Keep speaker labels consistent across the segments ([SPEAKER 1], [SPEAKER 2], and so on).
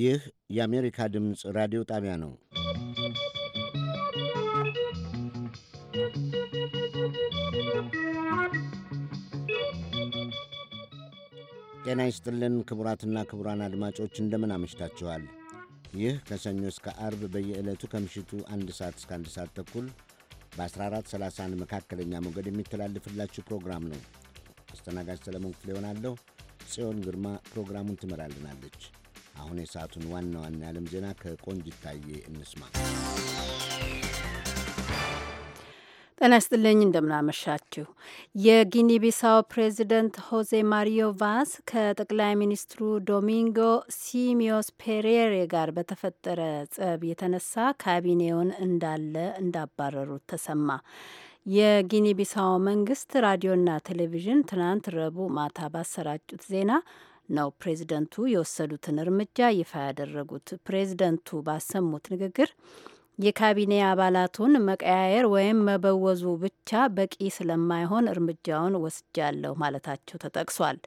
[SPEAKER 1] ይህ የአሜሪካ ድምፅ ራዲዮ ጣቢያ ነው። ጤና ይስጥልን ክቡራትና ክቡራን አድማጮች እንደምን አመሽታችኋል። ይህ ከሰኞ እስከ አርብ በየዕለቱ ከምሽቱ አንድ ሰዓት እስከ አንድ ሰዓት ተኩል በ1431 መካከለኛ ሞገድ የሚተላልፍላችሁ ፕሮግራም ነው። አስተናጋጅ ሰለሞን ክፍሌ ይሆናለሁ። ጽዮን ግርማ ፕሮግራሙን ትመራልናለች። አሁን የሰዓቱን ዋና ዋና የዓለም ዜና ከቆንጅ ይታየ እንስማ።
[SPEAKER 2] ጤና ይስጥልኝ፣ እንደምናመሻችሁ። የጊኒ ቢሳው ፕሬዚደንት ሆዜ ማሪዮ ቫስ ከጠቅላይ ሚኒስትሩ ዶሚንጎ ሲሚዮስ ፔሬሬ ጋር በተፈጠረ ጸብ የተነሳ ካቢኔውን እንዳለ እንዳባረሩት ተሰማ። የጊኒ ቢሳው መንግስት ራዲዮና ቴሌቪዥን ትናንት ረቡዕ ማታ ባሰራጩት ዜና ነው ፕሬዚደንቱ የወሰዱትን እርምጃ ይፋ ያደረጉት። ፕሬዚደንቱ ባሰሙት ንግግር የካቢኔ አባላቱን መቀያየር ወይም መበወዙ ብቻ በቂ ስለማይሆን እርምጃውን ወስጃለሁ ማለታቸው ተጠቅሷል።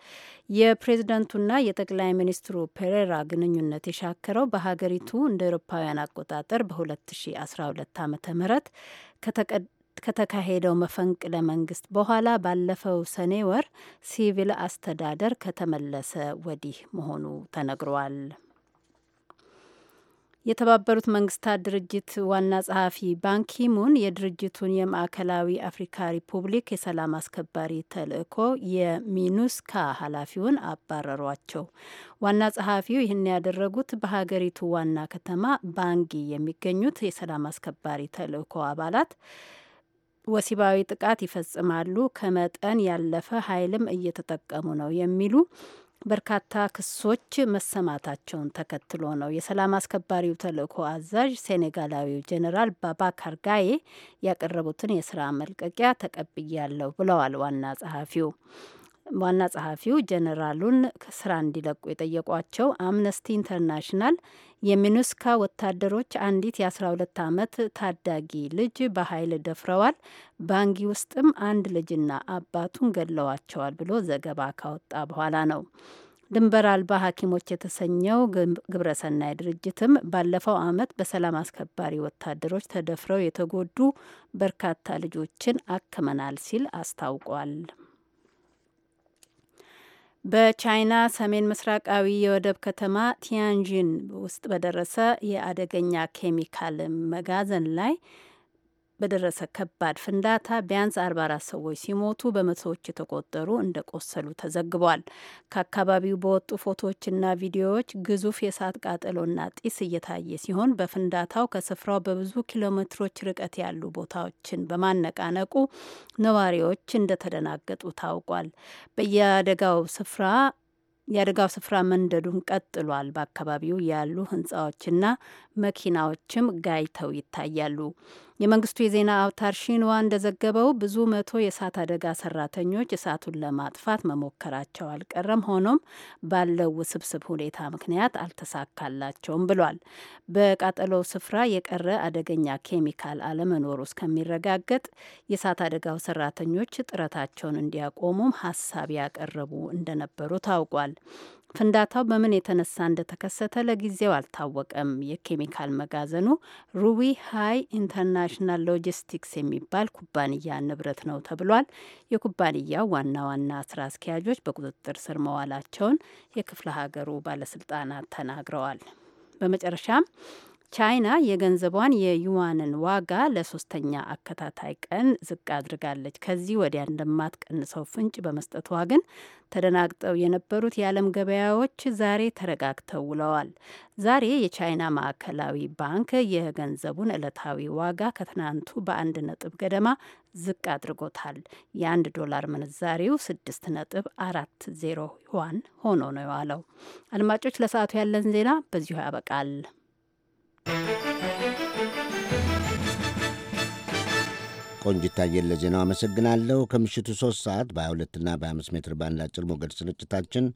[SPEAKER 2] የፕሬዝደንቱና የጠቅላይ ሚኒስትሩ ፔሬራ ግንኙነት የሻከረው በሀገሪቱ እንደ ኤሮፓውያን አቆጣጠር በ2012 ዓ ም ከተካሄደው መፈንቅለ መንግስት በኋላ ባለፈው ሰኔ ወር ሲቪል አስተዳደር ከተመለሰ ወዲህ መሆኑ ተነግሯል። የተባበሩት መንግስታት ድርጅት ዋና ጸሐፊ ባንኪሙን የድርጅቱን የማዕከላዊ አፍሪካ ሪፑብሊክ የሰላም አስከባሪ ተልእኮ የሚኑስካ ኃላፊውን አባረሯቸው። ዋና ጸሐፊው ይህን ያደረጉት በሀገሪቱ ዋና ከተማ ባንጊ የሚገኙት የሰላም አስከባሪ ተልእኮ አባላት ወሲባዊ ጥቃት ይፈጽማሉ፣ ከመጠን ያለፈ ኃይልም እየተጠቀሙ ነው የሚሉ በርካታ ክሶች መሰማታቸውን ተከትሎ ነው የሰላም አስከባሪው ተልእኮ አዛዥ ሴኔጋላዊው ጀኔራል ባባ ጋዬ ያቀረቡትን የስራ መልቀቂያ ተቀብያለሁ ብለዋል ዋና ጸሐፊው። ዋና ጸሐፊው ጀነራሉን ስራ እንዲለቁ የጠየቋቸው አምነስቲ ኢንተርናሽናል የሚኑስካ ወታደሮች አንዲት የ12 ዓመት ታዳጊ ልጅ በኃይል ደፍረዋል፣ ባንጊ ውስጥም አንድ ልጅና አባቱን ገድለዋቸዋል ብሎ ዘገባ ካወጣ በኋላ ነው። ድንበር አልባ ሐኪሞች የተሰኘው ግብረሰናይ ድርጅትም ባለፈው ዓመት በሰላም አስከባሪ ወታደሮች ተደፍረው የተጎዱ በርካታ ልጆችን አክመናል ሲል አስታውቋል። በቻይና ሰሜን ምስራቃዊ የወደብ ከተማ ቲያንጂን ውስጥ በደረሰ የአደገኛ ኬሚካል መጋዘን ላይ በደረሰ ከባድ ፍንዳታ ቢያንስ 44 ሰዎች ሲሞቱ በመቶዎች የተቆጠሩ እንደቆሰሉ ተዘግቧል። ከአካባቢው በወጡ ፎቶዎችና ቪዲዮዎች ግዙፍ የእሳት ቃጠሎና ጢስ እየታየ ሲሆን በፍንዳታው ከስፍራው በብዙ ኪሎ ሜትሮች ርቀት ያሉ ቦታዎችን በማነቃነቁ ነዋሪዎች እንደተደናገጡ ታውቋል። በየአደጋው ስፍራ የአደጋው ስፍራ መንደዱን ቀጥሏል። በአካባቢው ያሉ ህንፃዎችና መኪናዎችም ጋይተው ይታያሉ። የመንግስቱ የዜና አውታር ሺንዋ እንደዘገበው ብዙ መቶ የእሳት አደጋ ሰራተኞች እሳቱን ለማጥፋት መሞከራቸው አልቀረም። ሆኖም ባለው ውስብስብ ሁኔታ ምክንያት አልተሳካላቸውም ብሏል። በቃጠሎው ስፍራ የቀረ አደገኛ ኬሚካል አለመኖሩ እስከሚረጋገጥ የእሳት አደጋው ሰራተኞች ጥረታቸውን እንዲያቆሙም ሀሳብ ያቀረቡ እንደነበሩ ታውቋል። ፍንዳታው በምን የተነሳ እንደተከሰተ ለጊዜው አልታወቀም። የኬሚካል መጋዘኑ ሩዊ ሃይ ኢንተርናሽናል ሎጂስቲክስ የሚባል ኩባንያ ንብረት ነው ተብሏል። የኩባንያው ዋና ዋና ስራ አስኪያጆች በቁጥጥር ስር መዋላቸውን የክፍለ ሀገሩ ባለስልጣናት ተናግረዋል። በመጨረሻም ቻይና የገንዘቧን የዩዋንን ዋጋ ለሶስተኛ አከታታይ ቀን ዝቅ አድርጋለች። ከዚህ ወዲያ እንደማትቀንሰው ፍንጭ በመስጠቷ ግን ተደናግጠው የነበሩት የዓለም ገበያዎች ዛሬ ተረጋግተው ውለዋል። ዛሬ የቻይና ማዕከላዊ ባንክ የገንዘቡን ዕለታዊ ዋጋ ከትናንቱ በአንድ ነጥብ ገደማ ዝቅ አድርጎታል። የአንድ ዶላር ምንዛሬው ስድስት ነጥብ አራት ዜሮ ዋን ሆኖ ነው የዋለው። አድማጮች ለሰዓቱ ያለን ዜና በዚሁ ያበቃል።
[SPEAKER 1] ቆንጅታየን ለዜናው አመሰግናለሁ። ከምሽቱ 3 ሰዓት በ22 እና በ25 ሜትር ባንድ አጭር ሞገድ ስርጭታችን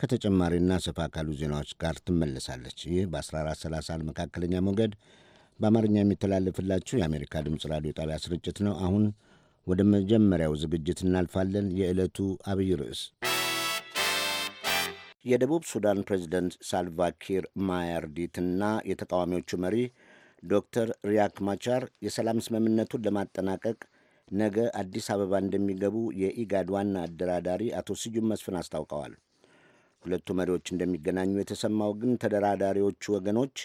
[SPEAKER 1] ከተጨማሪና ሰፋ ካሉ ዜናዎች ጋር ትመለሳለች። ይህ በ1430 መካከለኛ ሞገድ በአማርኛ የሚተላለፍላችሁ የአሜሪካ ድምፅ ራዲዮ ጣቢያ ስርጭት ነው። አሁን ወደ መጀመሪያው ዝግጅት እናልፋለን። የዕለቱ አብይ ርዕስ የደቡብ ሱዳን ፕሬዚደንት ሳልቫኪር ማያርዲትና የተቃዋሚዎቹ መሪ ዶክተር ሪያክ ማቻር የሰላም ስምምነቱን ለማጠናቀቅ ነገ አዲስ አበባ እንደሚገቡ የኢጋድ ዋና አደራዳሪ አቶ ስዩም መስፍን አስታውቀዋል። ሁለቱ መሪዎች እንደሚገናኙ የተሰማው ግን ተደራዳሪዎቹ ወገኖች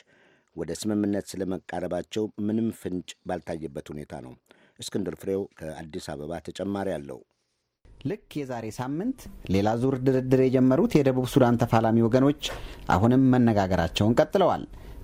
[SPEAKER 1] ወደ ስምምነት ስለመቃረባቸው ምንም ፍንጭ ባልታየበት ሁኔታ ነው። እስክንድር ፍሬው ከአዲስ አበባ ተጨማሪ አለው።
[SPEAKER 3] ልክ የዛሬ ሳምንት ሌላ ዙር ድርድር የጀመሩት የደቡብ ሱዳን ተፋላሚ ወገኖች አሁንም መነጋገራቸውን ቀጥለዋል።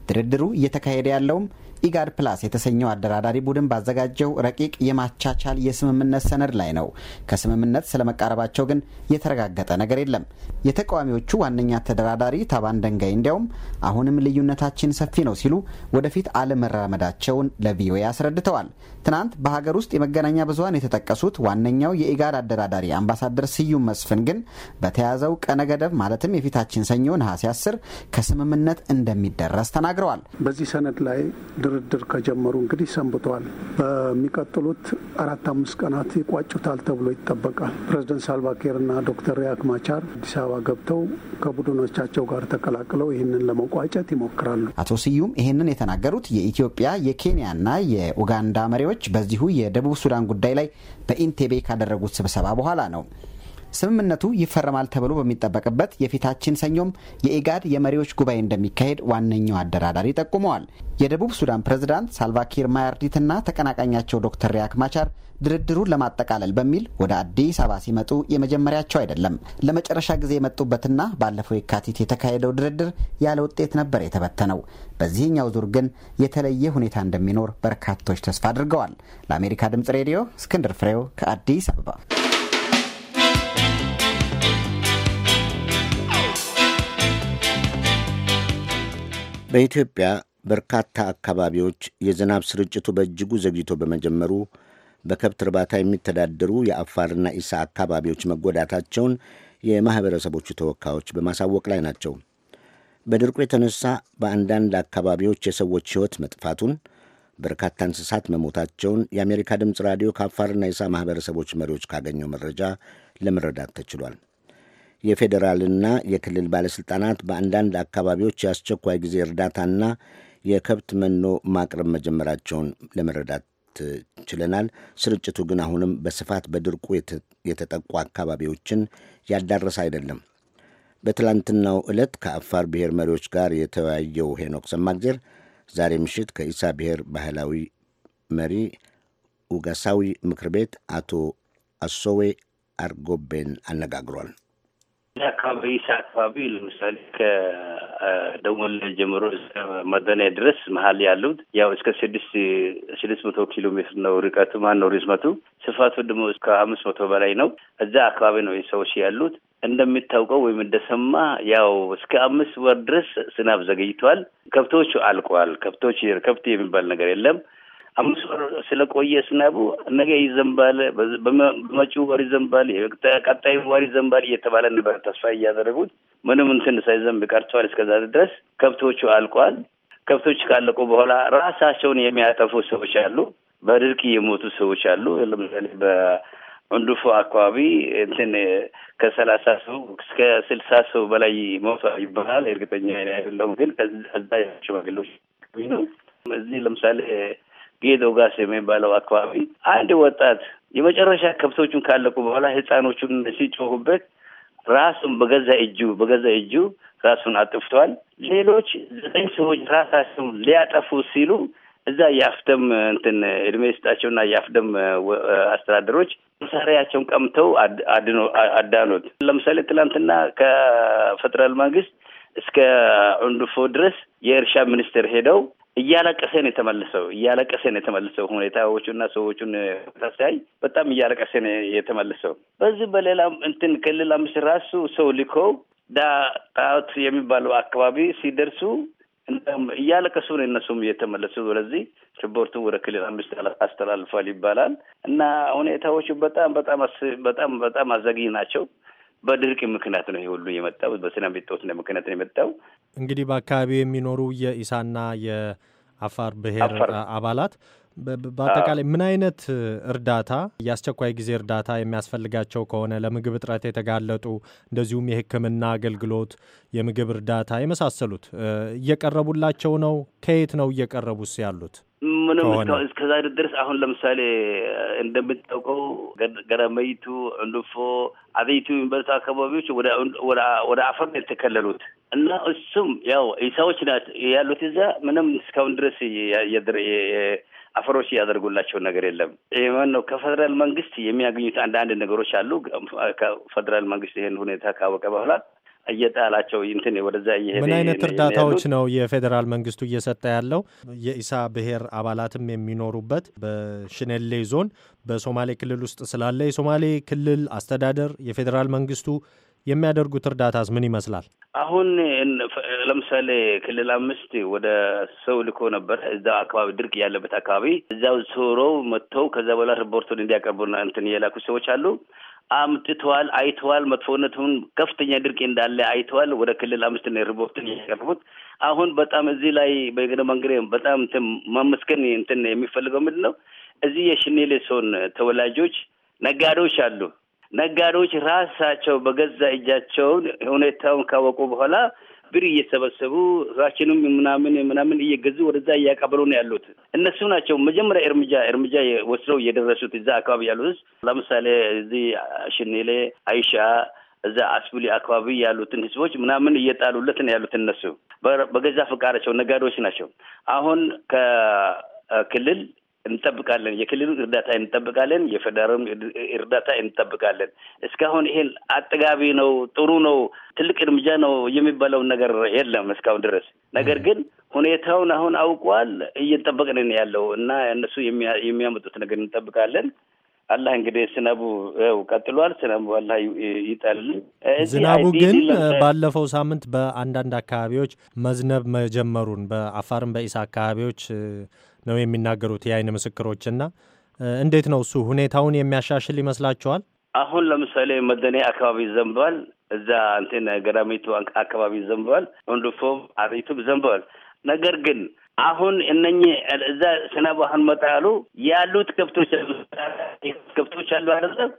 [SPEAKER 3] ድርድሩ እየተካሄደ ያለውም ኢጋድ ፕላስ የተሰኘው አደራዳሪ ቡድን ባዘጋጀው ረቂቅ የማቻቻል የስምምነት ሰነድ ላይ ነው። ከስምምነት ስለመቃረባቸው ግን የተረጋገጠ ነገር የለም። የተቃዋሚዎቹ ዋነኛ ተደራዳሪ ታባን ደንጋይ እንዲያውም አሁንም ልዩነታችን ሰፊ ነው ሲሉ ወደፊት አለመራመዳቸውን ለቪኦኤ አስረድተዋል። ትናንት በሀገር ውስጥ የመገናኛ ብዙሀን የተጠቀሱት ዋነኛው የኢጋድ አደራዳሪ አምባሳደር ስዩም መስፍን ግን በተያዘው ቀነ ገደብ ማለትም የፊታችን ሰኞ ነሐሴ 10 ከስምምነት እንደሚደረስ
[SPEAKER 4] ተናግረዋል። በዚህ ሰነድ ላይ ድርድር ከጀመሩ እንግዲህ ሰንብተዋል። በሚቀጥሉት አራት አምስት ቀናት ይቋጩታል ተብሎ ይጠበቃል። ፕሬዚደንት ሳልቫኪርና ዶክተር ሪያክ ማቻር አዲስ አበባ ገብተው ከቡድኖቻቸው ጋር ተቀላቅለው ይህንን ለመቋጨት ይሞክራሉ።
[SPEAKER 3] አቶ ስዩም ይህንን የተናገሩት የኢትዮጵያ የኬንያና የኡጋንዳ መሪዎች መሪዎች በዚሁ የደቡብ ሱዳን ጉዳይ ላይ በኢንቴቤ ካደረጉት ስብሰባ በኋላ ነው። ስምምነቱ ይፈረማል ተብሎ በሚጠበቅበት የፊታችን ሰኞም የኢጋድ የመሪዎች ጉባኤ እንደሚካሄድ ዋነኛው አደራዳሪ ጠቁመዋል። የደቡብ ሱዳን ፕሬዝዳንት ሳልቫኪር ማያርዲትና ተቀናቃኛቸው ዶክተር ሪያክ ማቻር ድርድሩን ለማጠቃለል በሚል ወደ አዲስ አበባ ሲመጡ የመጀመሪያቸው አይደለም። ለመጨረሻ ጊዜ የመጡበትና ባለፈው የካቲት የተካሄደው ድርድር ያለ ውጤት ነበር የተበተነው። በዚህኛው ዙር ግን የተለየ ሁኔታ እንደሚኖር በርካቶች ተስፋ አድርገዋል። ለአሜሪካ ድምጽ ሬዲዮ እስክንድር ፍሬው ከአዲስ አበባ
[SPEAKER 1] በኢትዮጵያ በርካታ አካባቢዎች የዝናብ ስርጭቱ በእጅጉ ዘግይቶ በመጀመሩ በከብት እርባታ የሚተዳደሩ የአፋርና ኢሳ አካባቢዎች መጎዳታቸውን የማኅበረሰቦቹ ተወካዮች በማሳወቅ ላይ ናቸው። በድርቁ የተነሳ በአንዳንድ አካባቢዎች የሰዎች ሕይወት መጥፋቱን፣ በርካታ እንስሳት መሞታቸውን የአሜሪካ ድምፅ ራዲዮ ከአፋርና ኢሳ ማኅበረሰቦች መሪዎች ካገኘው መረጃ ለመረዳት ተችሏል። የፌዴራልና የክልል ባለሥልጣናት በአንዳንድ አካባቢዎች የአስቸኳይ ጊዜ እርዳታና የከብት መኖ ማቅረብ መጀመራቸውን ለመረዳት ችለናል። ስርጭቱ ግን አሁንም በስፋት በድርቁ የተጠቁ አካባቢዎችን ያዳረሰ አይደለም። በትላንትናው ዕለት ከአፋር ብሔር መሪዎች ጋር የተወያየው ሄኖክ ሰማግዜር ዛሬ ምሽት ከኢሳ ብሔር ባህላዊ መሪ ኡጋሳዊ ምክር ቤት አቶ አሶዌ አርጎቤን አነጋግሯል።
[SPEAKER 5] አካባቢ ኢሳ አካባቢ ለምሳሌ ከደሞለ ጀምሮ እስከ መደና ድረስ መሀል ያሉት ያው እስከ ስድስት ስድስት መቶ ኪሎ ሜትር ነው ርቀቱ ማን ነው ርዝመቱ፣ ስፋቱ ደግሞ እስከ አምስት መቶ በላይ ነው። እዛ አካባቢ ነው ሰዎች ያሉት። እንደሚታውቀው ወይም እንደሰማ ያው እስከ አምስት ወር ድረስ ዝናብ ዘገይቷል። ከብቶቹ አልቋል። ከብቶች ከብት የሚባል ነገር የለም። አምስት ወር ስለቆየ ዝናቡ ነገ ይዘንባል፣ በመጪው ወር ይዘንባል፣ ቀጣይ ወር ይዘንባል እየተባለ ነበር ተስፋ እያደረጉት ምንም እንትን ሳይዘንብ ቀርተዋል። እስከዛ ድረስ ከብቶቹ አልቋል። ከብቶች ካለቁ በኋላ ራሳቸውን የሚያጠፉ ሰዎች አሉ። በድርቅ የሞቱ ሰዎች አሉ። ለምሳሌ በእንዱፎ አካባቢ እንትን ከሰላሳ ሰው እስከ ስልሳ ሰው በላይ ሞቷል ይባላል። እርግጠኛ አይደለሁም፣ ግን ከዛ ሽማግሌዎች ነው እዚህ ለምሳሌ ጌዶ ጋስ የሚባለው አካባቢ አንድ ወጣት የመጨረሻ ከብቶቹን ካለቁ በኋላ ህፃኖቹን ሲጮሁበት ራሱን በገዛ እጁ በገዛ እጁ ራሱን አጥፍቷል። ሌሎች ዘጠኝ ሰዎች ራሳቸውን ሊያጠፉ ሲሉ እዛ የአፍደም እንትን እድሜ ስጣቸውና የአፍደም አስተዳደሮች መሳሪያቸውን ቀምተው አዳኑት። ለምሳሌ ትላንትና ከፌደራል መንግስት እስከ ዑንድፎ ድረስ የእርሻ ሚኒስቴር ሄደው እያለቀሰን የተመልሰው እያለቀሰን የተመለሰው። ሁኔታዎቹ እና ሰዎቹን ታሳይ በጣም እያለቀሰን የተመለሰው። በዚህ በሌላ እንትን ክልል አምስት ራሱ ሰው ልኮ ዳጣት የሚባለው አካባቢ ሲደርሱ እያለቀሱ ነው እነሱም እየተመለሱ ስለዚህ ሪፖርቱ ወደ ክልል አምስት አስተላልፏል ይባላል እና ሁኔታዎቹ በጣም በጣም በጣም በጣም አዘግይ ናቸው። በድርቅ ምክንያት ነው ይሄ ሁሉ የመጣው። በሰላም እጦት ምክንያት ነው የመጣው።
[SPEAKER 6] እንግዲህ በአካባቢው የሚኖሩ የኢሳና የአፋር ብሔር አባላት በአጠቃላይ ምን አይነት እርዳታ የአስቸኳይ ጊዜ እርዳታ የሚያስፈልጋቸው ከሆነ ለምግብ እጥረት የተጋለጡ እንደዚሁም የሕክምና አገልግሎት፣ የምግብ እርዳታ የመሳሰሉት እየቀረቡላቸው ነው? ከየት ነው እየቀረቡስ ያሉት?
[SPEAKER 5] ምንም እስከዛ ድረስ አሁን ለምሳሌ እንደምታውቀው ገረመይቱ፣ ዕንድፎ፣ አቤቱ ዩኒቨርስቲ አካባቢዎች ወደ አፈር ነው የተከለሉት እና እሱም ያው ሰዎች ያሉት እዛ ምንም እስካሁን ድረስ አፈሮች ያደርጉላቸው ነገር የለም። ይህን ነው ከፌደራል መንግስት የሚያገኙት አንዳንድ ነገሮች አሉ። ከፌደራል መንግስት ይህን ሁኔታ ካወቀ በኋላ እየጣላቸው እንትን ወደዛ እየሄደ ምን አይነት እርዳታዎች
[SPEAKER 6] ነው የፌዴራል መንግስቱ እየሰጠ ያለው? የኢሳ ብሔር አባላትም የሚኖሩበት በሽኔሌ ዞን በሶማሌ ክልል ውስጥ ስላለ የሶማሌ ክልል አስተዳደር የፌዴራል መንግስቱ የሚያደርጉት እርዳታስ ምን ይመስላል?
[SPEAKER 5] አሁን ለምሳሌ ክልል አምስት ወደ ሰው ልኮ ነበር እዛ አካባቢ ድርቅ ያለበት አካባቢ እዛው ዞረው መጥተው ከዛ በኋላ ሪፖርቱን እንዲያቀርቡና እንትን እየላኩ ሰዎች አሉ። አምጥተዋል፣ አይተዋል። መጥፎነቱን ከፍተኛ ድርቅ እንዳለ አይተዋል። ወደ ክልል አምስት ሪፖርቱን ያቀርቡት። አሁን በጣም እዚህ ላይ በግነ መንግድ በጣም ማመስገን እንትን የሚፈልገው ምንድን ነው እዚህ የሽኔሌ ዞን ተወላጆች ነጋዴዎች አሉ ነጋዴዎች ራሳቸው በገዛ እጃቸውን ሁኔታውን ካወቁ በኋላ ብር እየሰበሰቡ ራችንም ምናምን ምናምን እየገዙ ወደዛ እያቀበሉ ነው ያሉት። እነሱ ናቸው መጀመሪያ እርምጃ እርምጃ ወስደው እየደረሱት እዛ አካባቢ ያሉት። ለምሳሌ እዚህ ሽኔሌ፣ አይሻ እዛ አስቡሊ አካባቢ ያሉትን ህዝቦች ምናምን እየጣሉለት ነው ያሉት። እነሱ በገዛ ፈቃዳቸው ነጋዴዎች ናቸው። አሁን ከክልል እንጠብቃለን። የክልሉን እርዳታ እንጠብቃለን። የፌደራሉን እርዳታ እንጠብቃለን። እስካሁን ይሄን አጥጋቢ ነው፣ ጥሩ ነው፣ ትልቅ እርምጃ ነው የሚባለውን ነገር የለም እስካሁን ድረስ። ነገር ግን ሁኔታውን አሁን አውቋል እየጠበቅንን ያለው እና እነሱ የሚያመጡት ነገር እንጠብቃለን። አላህ እንግዲህ ስነቡ ው ቀጥሏል። ስነቡ አላህ ይጠልልኝ። ዝናቡ ግን
[SPEAKER 6] ባለፈው ሳምንት በአንዳንድ አካባቢዎች መዝነብ መጀመሩን በአፋርም በኢሳ አካባቢዎች ነው የሚናገሩት የአይን ምስክሮች። እና እንዴት ነው እሱ ሁኔታውን የሚያሻሽል ይመስላችኋል?
[SPEAKER 5] አሁን ለምሳሌ መደኔ አካባቢ ይዘንባል፣ እዛ እንትን ገዳሚቱ አካባቢ ይዘንባል፣ ወንድፎም አሪቱም ይዘንባል። ነገር ግን አሁን እነኚህ እዛ ስነ ባህን መጣሉ ያሉት ከብቶች ከብቶች አሉ አይደለም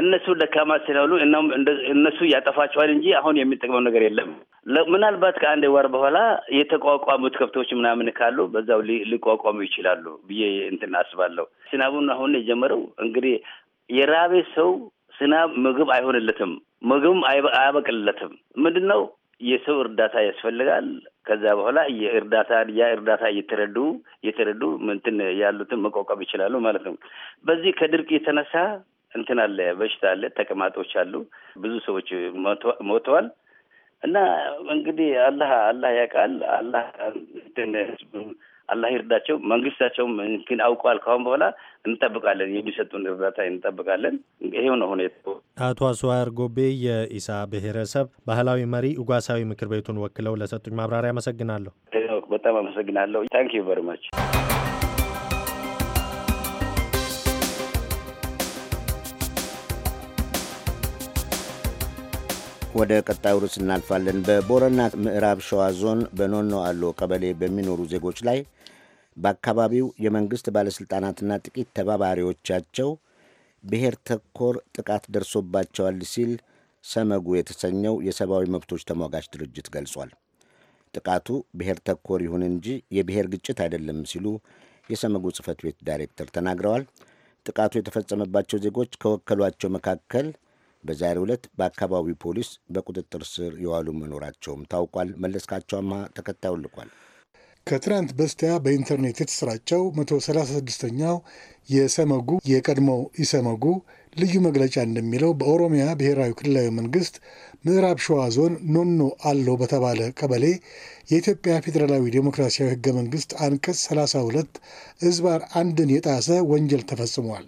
[SPEAKER 5] እነሱ ደካማ ስለሆኑ እነሱ ያጠፋቸዋል እንጂ አሁን የሚጠቅመው ነገር የለም። ምናልባት ከአንድ ወር በኋላ የተቋቋሙት ከብቶች ምናምን ካሉ በዛው ሊቋቋሙ ይችላሉ ብዬ እንትን አስባለሁ። ስናቡን አሁን የጀመረው እንግዲህ የራቤ ሰው ስናብ ምግብ አይሆንለትም፣ ምግብም አያበቅልለትም። ምንድን ነው የሰው እርዳታ ያስፈልጋል። ከዛ በኋላ የእርዳታ ያ እርዳታ እየተረዱ እየተረዱ ምንትን ያሉትን መቋቋም ይችላሉ ማለት ነው። በዚህ ከድርቅ የተነሳ እንትን አለ፣ በሽታ አለ፣ ተቅማጦች አሉ፣ ብዙ ሰዎች ሞተዋል። እና እንግዲህ አላህ አላህ ያውቃል። አላህ አላህ ይርዳቸው። መንግስታቸውም ግን አውቀዋል። ከአሁን በኋላ እንጠብቃለን፣ የሚሰጡን እርዳታ እንጠብቃለን። ይሄው ነው ሁኔታው።
[SPEAKER 6] አቶ አስዋር ጎቤ የኢሳ ብሔረሰብ ባህላዊ መሪ ኡጋሳዊ ምክር ቤቱን ወክለው ለሰጡኝ ማብራሪያ አመሰግናለሁ።
[SPEAKER 5] በጣም አመሰግናለሁ። ታንክ ዩ ቨሪ ማች
[SPEAKER 1] ወደ ቀጣዩ ርዕስ እናልፋለን። በቦረና ምዕራብ ሸዋ ዞን በኖኖ አሎ ቀበሌ በሚኖሩ ዜጎች ላይ በአካባቢው የመንግሥት ባለሥልጣናትና ጥቂት ተባባሪዎቻቸው ብሔር ተኮር ጥቃት ደርሶባቸዋል ሲል ሰመጉ የተሰኘው የሰብአዊ መብቶች ተሟጋች ድርጅት ገልጿል። ጥቃቱ ብሔር ተኮር ይሁን እንጂ የብሔር ግጭት አይደለም ሲሉ የሰመጉ ጽህፈት ቤት ዳይሬክተር ተናግረዋል። ጥቃቱ የተፈጸመባቸው ዜጎች ከወከሏቸው መካከል በዛሬው ዕለት በአካባቢው ፖሊስ በቁጥጥር ስር የዋሉ መኖራቸውም ታውቋል። መለስካቸውማ ተከታዩ ልኳል።
[SPEAKER 4] ከትናንት በስቲያ በኢንተርኔት የተሰራጨው 136ኛው የሰመጉ የቀድሞው ኢሰመጉ ልዩ መግለጫ እንደሚለው በኦሮሚያ ብሔራዊ ክልላዊ መንግስት ምዕራብ ሸዋ ዞን ኖኖ አለው በተባለ ቀበሌ የኢትዮጵያ ፌዴራላዊ ዴሞክራሲያዊ ህገ መንግስት አንቀጽ 32 እዝባር አንድን የጣሰ ወንጀል ተፈጽሟል።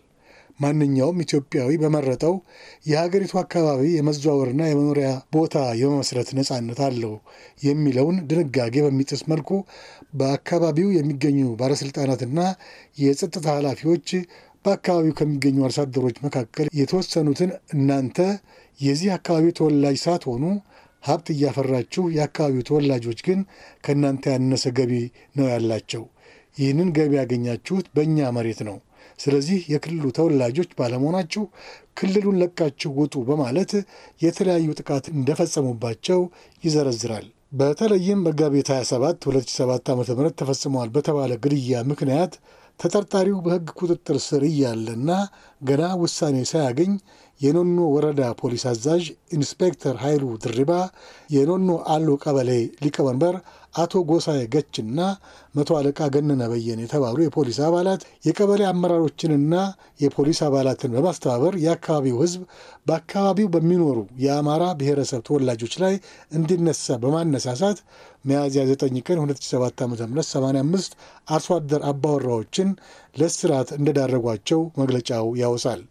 [SPEAKER 4] ማንኛውም ኢትዮጵያዊ በመረጠው የሀገሪቱ አካባቢ የመዘዋወርና የመኖሪያ ቦታ የመመስረት ነጻነት አለው የሚለውን ድንጋጌ በሚጥስ መልኩ በአካባቢው የሚገኙ ባለስልጣናትና የጸጥታ ኃላፊዎች በአካባቢው ከሚገኙ አርሶ አደሮች መካከል የተወሰኑትን እናንተ የዚህ አካባቢ ተወላጅ ሳትሆኑ ሀብት እያፈራችሁ የአካባቢው ተወላጆች ግን ከእናንተ ያነሰ ገቢ ነው ያላቸው፣ ይህንን ገቢ ያገኛችሁት በእኛ መሬት ነው ስለዚህ የክልሉ ተወላጆች ባለመሆናችሁ ክልሉን ለቃችሁ ውጡ በማለት የተለያዩ ጥቃት እንደፈጸሙባቸው ይዘረዝራል። በተለይም መጋቢት 27 2007 ዓ ም ተፈጽመዋል በተባለ ግድያ ምክንያት ተጠርጣሪው በሕግ ቁጥጥር ስር እያለና ገና ውሳኔ ሳያገኝ የኖኖ ወረዳ ፖሊስ አዛዥ ኢንስፔክተር ኃይሉ ድሪባ፣ የኖኖ አሎ ቀበሌ ሊቀመንበር አቶ ጎሳዬ ገችና መቶ አለቃ ገነነ በየን የተባሉ የፖሊስ አባላት የቀበሌ አመራሮችንና የፖሊስ አባላትን በማስተባበር የአካባቢው ሕዝብ በአካባቢው በሚኖሩ የአማራ ብሔረሰብ ተወላጆች ላይ እንዲነሳ በማነሳሳት ሚያዝያ 9 ቀን 2007 ዓ ም 85 አርሶ አደር አባወራዎችን ለስርዓት እንደዳረጓቸው መግለጫው ያወሳል።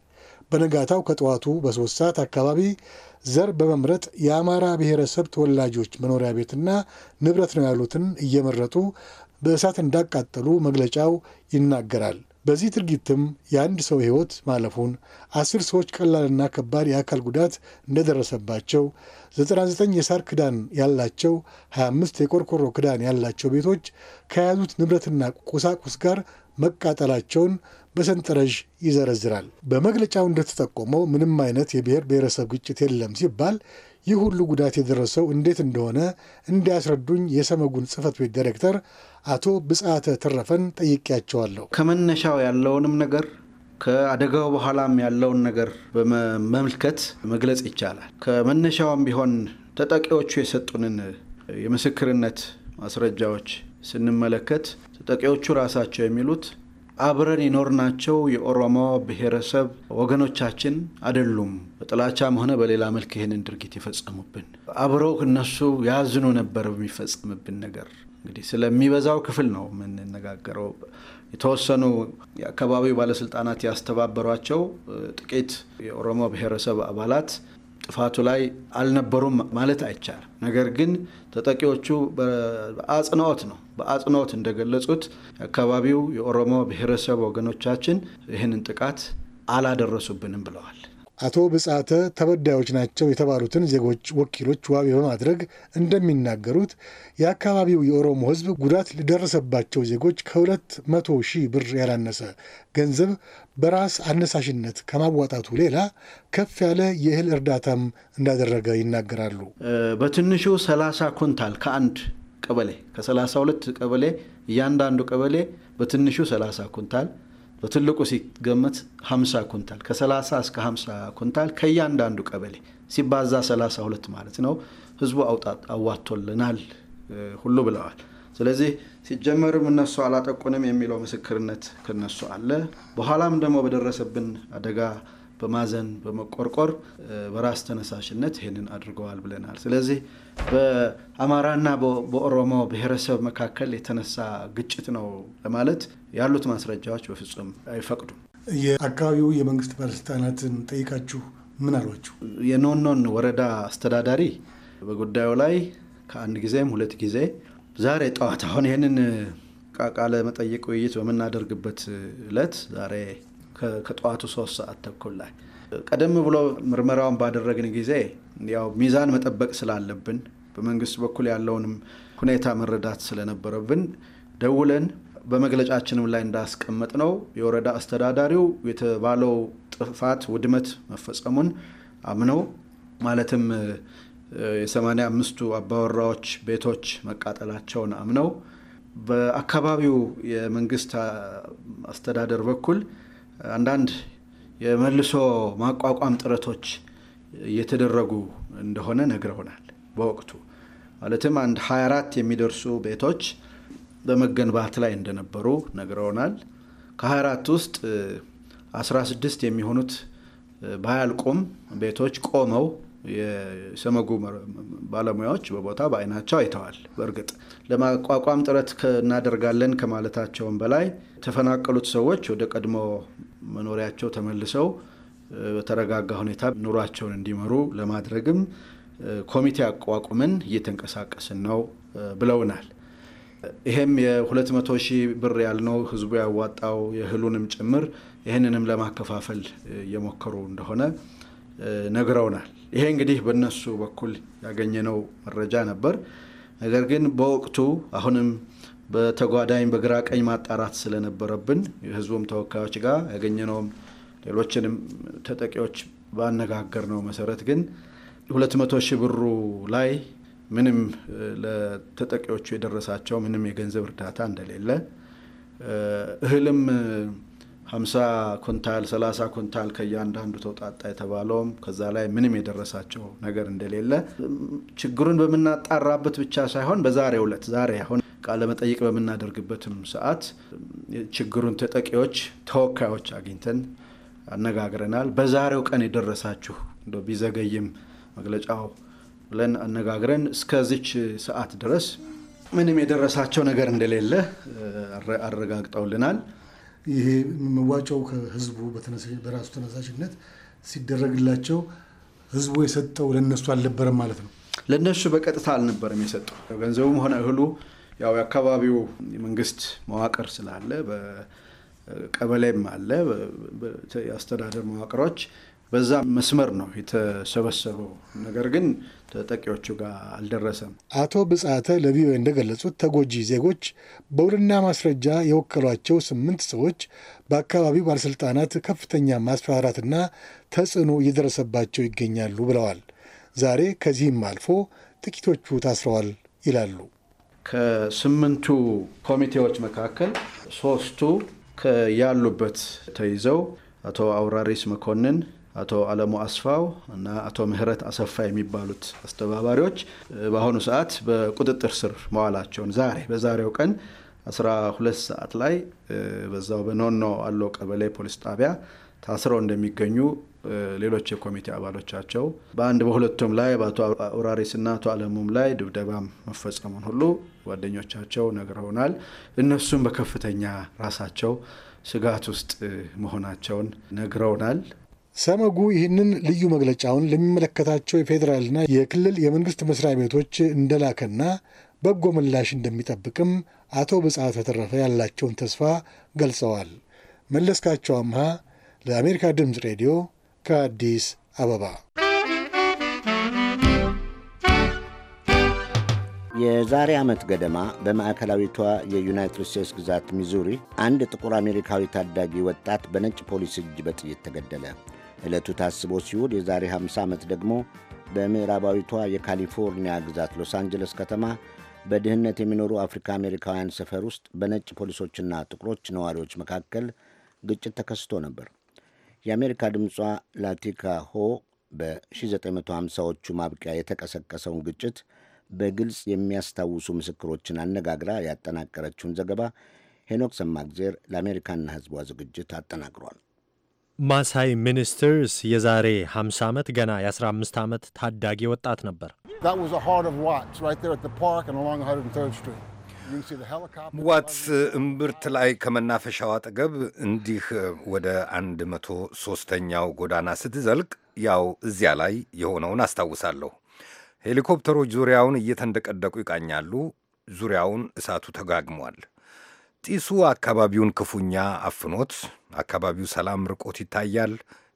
[SPEAKER 4] በነጋታው ከጠዋቱ በሶስት ሰዓት አካባቢ ዘር በመምረጥ የአማራ ብሔረሰብ ተወላጆች መኖሪያ ቤትና ንብረት ነው ያሉትን እየመረጡ በእሳት እንዳቃጠሉ መግለጫው ይናገራል። በዚህ ድርጊትም የአንድ ሰው ሕይወት ማለፉን፣ አስር ሰዎች ቀላልና ከባድ የአካል ጉዳት እንደደረሰባቸው፣ 99 የሳር ክዳን ያላቸው 25 የቆርቆሮ ክዳን ያላቸው ቤቶች ከያዙት ንብረትና ቁሳቁስ ጋር መቃጠላቸውን በሰንጠረዥ ይዘረዝራል። በመግለጫው እንደተጠቆመው ምንም አይነት የብሔር ብሔረሰብ ግጭት የለም ሲባል ይህ ሁሉ ጉዳት የደረሰው እንዴት እንደሆነ እንዲያስረዱኝ የሰመጉን ጽህፈት ቤት ዳይሬክተር አቶ ብጻተ ተረፈን ጠይቄያቸዋለሁ።
[SPEAKER 7] ከመነሻው ያለውንም ነገር ከአደጋው በኋላም ያለውን ነገር በመመልከት መግለጽ ይቻላል። ከመነሻውም ቢሆን ተጠቂዎቹ የሰጡንን የምስክርነት ማስረጃዎች ስንመለከት ተጠቂዎቹ ራሳቸው የሚሉት አብረን የኖርናቸው የኦሮሞ ብሔረሰብ ወገኖቻችን አይደሉም በጥላቻም ሆነ በሌላ መልክ ይህንን ድርጊት የፈጸሙብን። አብረው እነሱ ያዝኑ ነበር በሚፈጸምብን ነገር። እንግዲህ ስለሚበዛው ክፍል ነው የምንነጋገረው። የተወሰኑ የአካባቢው ባለስልጣናት ያስተባበሯቸው ጥቂት የኦሮሞ ብሔረሰብ አባላት ጥፋቱ ላይ አልነበሩም ማለት አይቻልም። ነገር ግን ተጠቂዎቹ በአጽንኦት ነው በአጽንኦት እንደገለጹት የአካባቢው የኦሮሞ ብሔረሰብ ወገኖቻችን ይህንን ጥቃት አላደረሱብንም ብለዋል።
[SPEAKER 4] አቶ ብጻተ ተበዳዮች ናቸው የተባሉትን ዜጎች ወኪሎች ዋቢ በማድረግ እንደሚናገሩት የአካባቢው የኦሮሞ ሕዝብ ጉዳት ለደረሰባቸው ዜጎች ከሁለት መቶ ሺህ ብር ያላነሰ ገንዘብ በራስ አነሳሽነት ከማዋጣቱ ሌላ ከፍ ያለ የእህል እርዳታም እንዳደረገ ይናገራሉ።
[SPEAKER 7] በትንሹ 30 ኩንታል ከአንድ ቀበሌ ከ32 ቀበሌ እያንዳንዱ ቀበሌ በትንሹ 30 ኩንታል በትልቁ ሲገመት 50 ኩንታል ከ30 እስከ 50 ኩንታል ከእያንዳንዱ ቀበሌ ሲባዛ 32 ማለት ነው። ህዝቡ አዋጥቶልናል ሁሉ ብለዋል። ስለዚህ ሲጀመርም እነሱ አላጠቁንም የሚለው ምስክርነት ከነሱ አለ። በኋላም ደግሞ በደረሰብን አደጋ በማዘን በመቆርቆር በራስ ተነሳሽነት ይህንን አድርገዋል ብለናል። ስለዚህ በአማራና በኦሮሞ ብሔረሰብ መካከል የተነሳ ግጭት ነው ለማለት ያሉት ማስረጃዎች በፍጹም አይፈቅዱም።
[SPEAKER 4] የአካባቢው የመንግስት ባለስልጣናትን ጠይቃችሁ ምን አሏችሁ?
[SPEAKER 7] የኖኖን ወረዳ አስተዳዳሪ በጉዳዩ ላይ ከአንድ ጊዜም ሁለት ጊዜ ዛሬ ጠዋት አሁን ይህንን ቃቃለ መጠይቅ ውይይት በምናደርግበት እለት ዛሬ ከጠዋቱ ሶስት ሰዓት ተኩል ላይ ቀደም ብሎ ምርመራውን ባደረግን ጊዜ ያው ሚዛን መጠበቅ ስላለብን በመንግስት በኩል ያለውንም ሁኔታ መረዳት ስለነበረብን ደውለን በመግለጫችንም ላይ እንዳስቀመጥ ነው የወረዳ አስተዳዳሪው የተባለው ጥፋት ውድመት መፈጸሙን አምነው ማለትም የሰማንያ አምስቱ አባወራዎች ቤቶች መቃጠላቸውን አምነው በአካባቢው የመንግስት አስተዳደር በኩል አንዳንድ የመልሶ ማቋቋም ጥረቶች እየተደረጉ እንደሆነ ነግረውናል። በወቅቱ ማለትም አንድ 24 የሚደርሱ ቤቶች በመገንባት ላይ እንደነበሩ ነግረውናል። ከ24 ውስጥ 16 የሚሆኑት ባያልቁም ቤቶች ቆመው የሰመጉ ባለሙያዎች በቦታ በአይናቸው አይተዋል። በእርግጥ ለማቋቋም ጥረት እናደርጋለን ከማለታቸውም በላይ የተፈናቀሉት ሰዎች ወደ ቀድሞ መኖሪያቸው ተመልሰው በተረጋጋ ሁኔታ ኑሯቸውን እንዲመሩ ለማድረግም ኮሚቴ አቋቁመን እየተንቀሳቀስን ነው ብለውናል። ይሄም የ200 ሺህ ብር ያልነው ህዝቡ ያዋጣው የእህሉንም ጭምር ይህንንም ለማከፋፈል እየሞከሩ እንደሆነ ነግረውናል። ይሄ እንግዲህ በእነሱ በኩል ያገኘነው መረጃ ነበር። ነገር ግን በወቅቱ አሁንም በተጓዳኝ በግራ ቀኝ ማጣራት ስለነበረብን ህዝቡም ተወካዮች ጋር ያገኘነውም ሌሎችንም ተጠቂዎች ባነጋገር ነው መሰረት ግን ሁለት መቶ ሺህ ብሩ ላይ ምንም ለተጠቂዎቹ የደረሳቸው ምንም የገንዘብ እርዳታ እንደሌለ እህልም ሀምሳ ኩንታል ሰላሳ ኩንታል ከእያንዳንዱ ተውጣጣ የተባለውም ከዛ ላይ ምንም የደረሳቸው ነገር እንደሌለ ችግሩን በምናጣራበት ብቻ ሳይሆን በዛሬው ዕለት ዛሬ አሁን ቃለመጠይቅ በምናደርግበትም ሰዓት ችግሩን ተጠቂዎች ተወካዮች አግኝተን አነጋግረናል። በዛሬው ቀን የደረሳችሁ እንደ ቢዘገይም መግለጫው ብለን አነጋግረን እስከዚች ሰዓት ድረስ ምንም የደረሳቸው ነገር እንደሌለ አረጋግጠውልናል።
[SPEAKER 4] ይሄ መዋጫው ከህዝቡ በራሱ ተነሳሽነት ሲደረግላቸው ህዝቡ የሰጠው ለነሱ አልነበረም ማለት ነው።
[SPEAKER 7] ለነሱ በቀጥታ አልነበረም የሰጠው ገንዘቡም ሆነ እህሉ ያው የአካባቢው የመንግስት መዋቅር ስላለ በቀበሌም አለ የአስተዳደር መዋቅሮች በዛ መስመር ነው የተሰበሰበው። ነገር ግን ተጠቂዎቹ ጋር አልደረሰም።
[SPEAKER 4] አቶ ብጻተ ለቪኦኤ እንደገለጹት ተጎጂ ዜጎች በውልና ማስረጃ የወከሏቸው ስምንት ሰዎች በአካባቢው ባለሥልጣናት ከፍተኛ ማስፈራራትና ተጽዕኖ እየደረሰባቸው ይገኛሉ ብለዋል። ዛሬ ከዚህም አልፎ ጥቂቶቹ ታስረዋል ይላሉ።
[SPEAKER 7] ከስምንቱ ኮሚቴዎች መካከል ሶስቱ ያሉበት ተይዘው አቶ አውራሪስ መኮንን አቶ አለሙ አስፋው እና አቶ ምህረት አሰፋ የሚባሉት አስተባባሪዎች በአሁኑ ሰዓት በቁጥጥር ስር መዋላቸውን ዛሬ በዛሬው ቀን 12 ሰዓት ላይ በዛው በኖኖ አለው ቀበሌ ፖሊስ ጣቢያ ታስረው እንደሚገኙ ሌሎች የኮሚቴ አባሎቻቸው በአንድ በሁለቱም ላይ በአቶ አውራሪስና አቶ አለሙም ላይ ድብደባም መፈጸሙን ሁሉ ጓደኞቻቸው ነግረውናል። እነሱም በከፍተኛ ራሳቸው ስጋት ውስጥ መሆናቸውን ነግረውናል።
[SPEAKER 4] ሰመጉ ይህንን ልዩ መግለጫውን ለሚመለከታቸው የፌዴራልና የክልል የመንግስት መስሪያ ቤቶች እንደላከና በጎ ምላሽ እንደሚጠብቅም አቶ ብጻት ተረፈ ያላቸውን ተስፋ ገልጸዋል። መለስካቸው አምሃ ለአሜሪካ ድምፅ ሬዲዮ ከአዲስ አበባ።
[SPEAKER 1] የዛሬ ዓመት ገደማ በማዕከላዊቷ የዩናይትድ ስቴትስ ግዛት ሚዙሪ አንድ ጥቁር አሜሪካዊ ታዳጊ ወጣት በነጭ ፖሊስ እጅ በጥይት ተገደለ። ዕለቱ ታስቦ ሲውል የዛሬ 50 ዓመት ደግሞ በምዕራባዊቷ የካሊፎርኒያ ግዛት ሎስ አንጀለስ ከተማ በድህነት የሚኖሩ አፍሪካ አሜሪካውያን ሰፈር ውስጥ በነጭ ፖሊሶችና ጥቁሮች ነዋሪዎች መካከል ግጭት ተከስቶ ነበር። የአሜሪካ ድምጿ ላቲካ ሆ በ1950ዎቹ ማብቂያ የተቀሰቀሰውን ግጭት በግልጽ የሚያስታውሱ ምስክሮችን አነጋግራ ያጠናቀረችውን ዘገባ ሄኖክ ሰማግዜር ለአሜሪካና ሕዝቧ ዝግጅት አጠናቅሯል።
[SPEAKER 6] ማሳይ ሚኒስትርስ የዛሬ 50 ዓመት ገና የ15 ዓመት ታዳጊ
[SPEAKER 8] ወጣት ነበር። ዋትስ እምብርት ላይ ከመናፈሻው አጠገብ እንዲህ ወደ 103ኛው ጎዳና ስትዘልቅ ያው እዚያ ላይ የሆነውን አስታውሳለሁ። ሄሊኮፕተሮች ዙሪያውን እየተንደቀደቁ ይቃኛሉ። ዙሪያውን እሳቱ ተጋግሟል። ጢሱ አካባቢውን ክፉኛ አፍኖት አካባቢው ሰላም ርቆት ይታያል።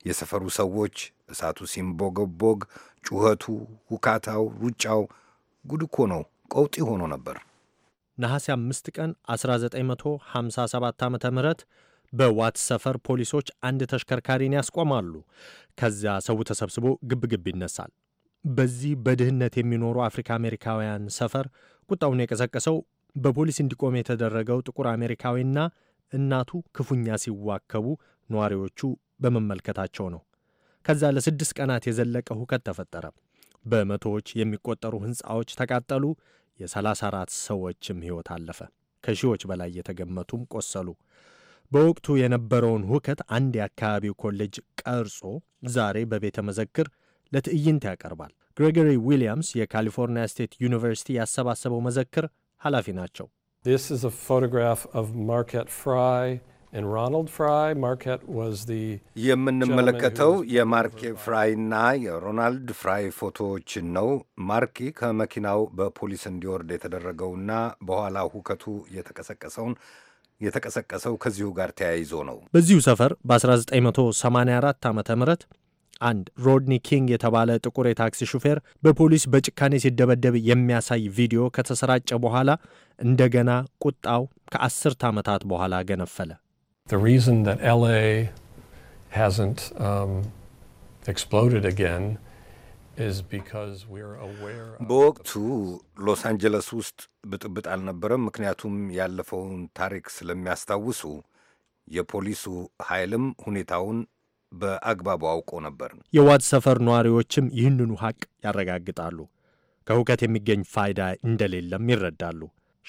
[SPEAKER 8] የሰፈሩ ሰዎች እሳቱ ሲንቦገቦግ፣ ጩኸቱ፣ ውካታው ሩጫው ጉድ እኮ ነው። ቀውጢ ሆኖ ነበር።
[SPEAKER 6] ነሐሴ አምስት ቀን 1957 ዓ ም በዋት ሰፈር ፖሊሶች አንድ ተሽከርካሪን ያስቆማሉ። ከዚያ ሰው ተሰብስቦ ግብግብ ይነሳል። በዚህ በድህነት የሚኖሩ አፍሪካ አሜሪካውያን ሰፈር ቁጣውን የቀሰቀሰው በፖሊስ እንዲቆም የተደረገው ጥቁር አሜሪካዊና እናቱ ክፉኛ ሲዋከቡ ነዋሪዎቹ በመመልከታቸው ነው። ከዛ ለስድስት ቀናት የዘለቀ ሁከት ተፈጠረ። በመቶዎች የሚቆጠሩ ሕንፃዎች ተቃጠሉ። የ34 ሰዎችም ሕይወት አለፈ። ከሺዎች በላይ የተገመቱም ቆሰሉ። በወቅቱ የነበረውን ሁከት አንድ የአካባቢው ኮሌጅ ቀርጾ ዛሬ በቤተ መዘክር ለትዕይንት ያቀርባል። ግሬጎሪ ዊሊያምስ የካሊፎርኒያ ስቴት ዩኒቨርሲቲ ያሰባሰበው መዘክር ኃላፊ ናቸው።
[SPEAKER 1] This is a photograph of Marquette Fry and Ronald Fry. Marquette was the
[SPEAKER 8] የምንመለከተው የማርኬ ፍራይና የሮናልድ ፍራይ ፎቶዎችን ነው። ማርኪ ከመኪናው በፖሊስ እንዲወርድ የተደረገውና በኋላ ሁከቱ የተቀሰቀሰውን የተቀሰቀሰው ከዚሁ ጋር ተያይዞ ነው።
[SPEAKER 6] በዚሁ ሰፈር በ1984 ዓ ም አንድ ሮድኒ ኪንግ የተባለ ጥቁር የታክሲ ሹፌር በፖሊስ በጭካኔ ሲደበደብ የሚያሳይ ቪዲዮ ከተሰራጨ በኋላ እንደገና ቁጣው ከአስርት ዓመታት በኋላ ገነፈለ።
[SPEAKER 2] um,
[SPEAKER 8] በወቅቱ ሎስ አንጀለስ ውስጥ ብጥብጥ አልነበረም፣ ምክንያቱም ያለፈውን ታሪክ ስለሚያስታውሱ የፖሊሱ ኃይልም ሁኔታውን በአግባቡ አውቆ ነበር።
[SPEAKER 6] የዋድ ሰፈር ነዋሪዎችም ይህንኑ ሀቅ ያረጋግጣሉ። ከሁከት የሚገኝ ፋይዳ እንደሌለም ይረዳሉ።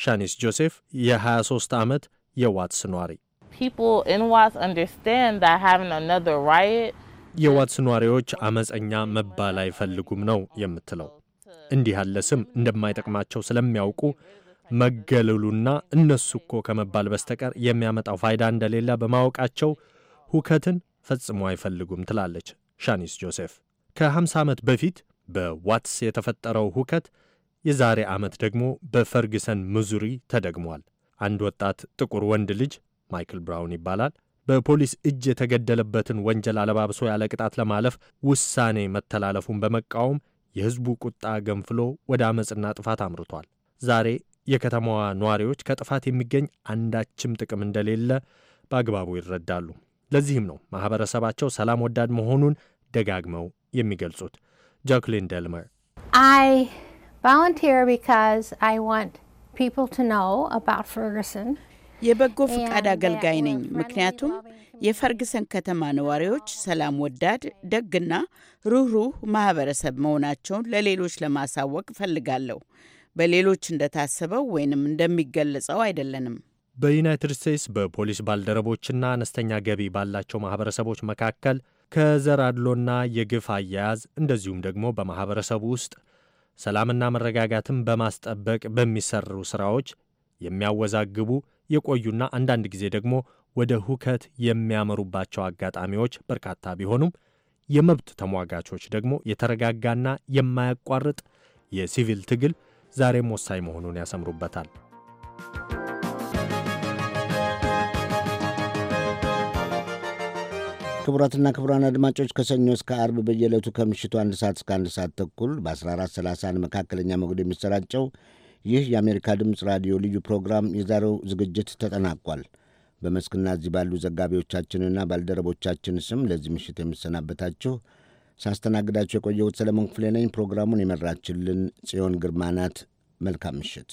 [SPEAKER 6] ሻኒስ ጆሴፍ የ23 ዓመት የዋትስ ነዋሪ የዋትስ ነዋሪዎች አመፀኛ መባል አይፈልጉም ነው የምትለው። እንዲህ ያለ ስም እንደማይጠቅማቸው ስለሚያውቁ መገለሉና እነሱ እኮ ከመባል በስተቀር የሚያመጣው ፋይዳ እንደሌለ በማወቃቸው ሁከትን ፈጽሞ አይፈልጉም ትላለች ሻኒስ ጆሴፍ። ከ50 ዓመት በፊት በዋትስ የተፈጠረው ሁከት የዛሬ ዓመት ደግሞ በፈርግሰን ምዙሪ ተደግሟል። አንድ ወጣት ጥቁር ወንድ ልጅ ማይክል ብራውን ይባላል በፖሊስ እጅ የተገደለበትን ወንጀል አለባብሶ ያለ ቅጣት ለማለፍ ውሳኔ መተላለፉን በመቃወም የሕዝቡ ቁጣ ገንፍሎ ወደ ዓመፅና ጥፋት አምርቷል። ዛሬ የከተማዋ ነዋሪዎች ከጥፋት የሚገኝ አንዳችም ጥቅም እንደሌለ በአግባቡ ይረዳሉ። ለዚህም ነው ማህበረሰባቸው ሰላም ወዳድ መሆኑን ደጋግመው የሚገልጹት። ጃክሊን ደልመር
[SPEAKER 2] አይ ቮለንቲር ቢካዝ አይ ዋንት ፒፕል ቱ ኖው አባውት የበጎ ፍቃድ uh, አገልጋይ ነኝ። ምክንያቱም የፈርግሰን ከተማ ነዋሪዎች ሰላም ወዳድ ደግና ሩህሩህ ማህበረሰብ መሆናቸውን ለሌሎች ለማሳወቅ እፈልጋለሁ። በሌሎች እንደታሰበው ወይንም እንደሚገለጸው አይደለንም።
[SPEAKER 6] በዩናይትድ ስቴትስ በፖሊስ ባልደረቦችና አነስተኛ ገቢ ባላቸው ማህበረሰቦች መካከል ከዘር አድሎና የግፍ አያያዝ እንደዚሁም ደግሞ በማህበረሰቡ ውስጥ ሰላምና መረጋጋትን በማስጠበቅ በሚሰሩ ሥራዎች የሚያወዛግቡ የቆዩና አንዳንድ ጊዜ ደግሞ ወደ ሁከት የሚያመሩባቸው አጋጣሚዎች በርካታ ቢሆኑም የመብት ተሟጋቾች ደግሞ የተረጋጋና የማያቋርጥ የሲቪል ትግል ዛሬም ወሳኝ መሆኑን ያሰምሩበታል።
[SPEAKER 1] ክቡራትና ክቡራን አድማጮች ከሰኞ እስከ አርብ በየዕለቱ ከምሽቱ አንድ ሰዓት እስከ አንድ ሰዓት ተኩል በ 1430 መካከለኛ ሞገድ የሚሰራጨው ይህ የአሜሪካ ድምፅ ራዲዮ ልዩ ፕሮግራም የዛሬው ዝግጅት ተጠናቋል። በመስክና እዚህ ባሉ ዘጋቢዎቻችንና ባልደረቦቻችን ስም ለዚህ ምሽት የምሰናበታችሁ ሳስተናግዳችሁ የቆየሁት ሰለሞን ክፍሌ ነኝ። ፕሮግራሙን የመራችልን ጽዮን ግርማ ናት። መልካም ምሽት።